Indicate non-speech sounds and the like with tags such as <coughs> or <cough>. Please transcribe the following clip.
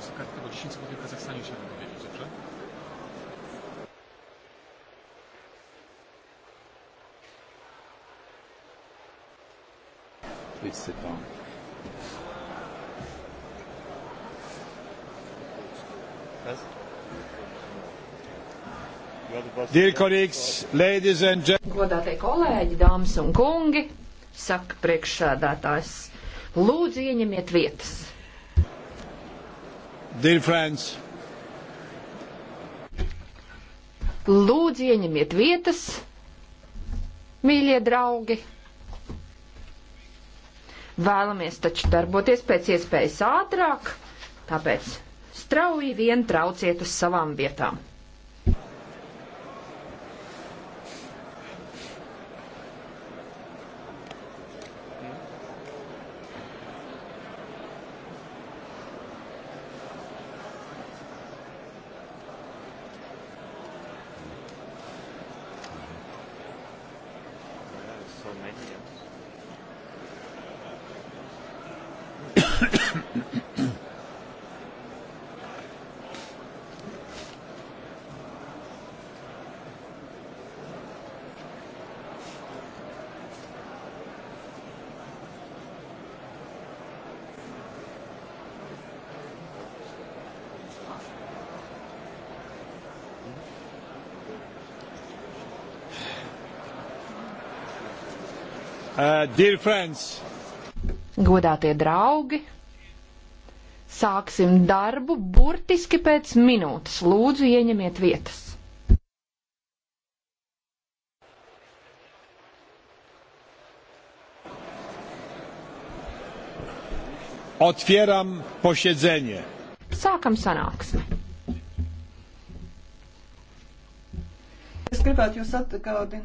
Polsat tego 10 spotkania w Kazachstanie chciałbym dowiedzieć, dobrze? Please sit down. Dear colleagues, ladies and gentlemen. Godātie kolēģi, dāmas un kungi, saka priekšsēdētājs, lūdzu ieņemiet vietas. Dear friends. Lūdzu, ieņemiet vietas, mīļie draugi. Vēlamies taču darboties pēc iespējas ātrāk, tāpēc strauji vien trauciet uz savām vietām. so many. <coughs> Uh, Godātie draugi, sāksim darbu burtiski pēc minūtes. Lūdzu, ieņemiet vietas. Otwieram posiedzenie. Sākam sanāksmi. Es gribētu jūs atgādināt.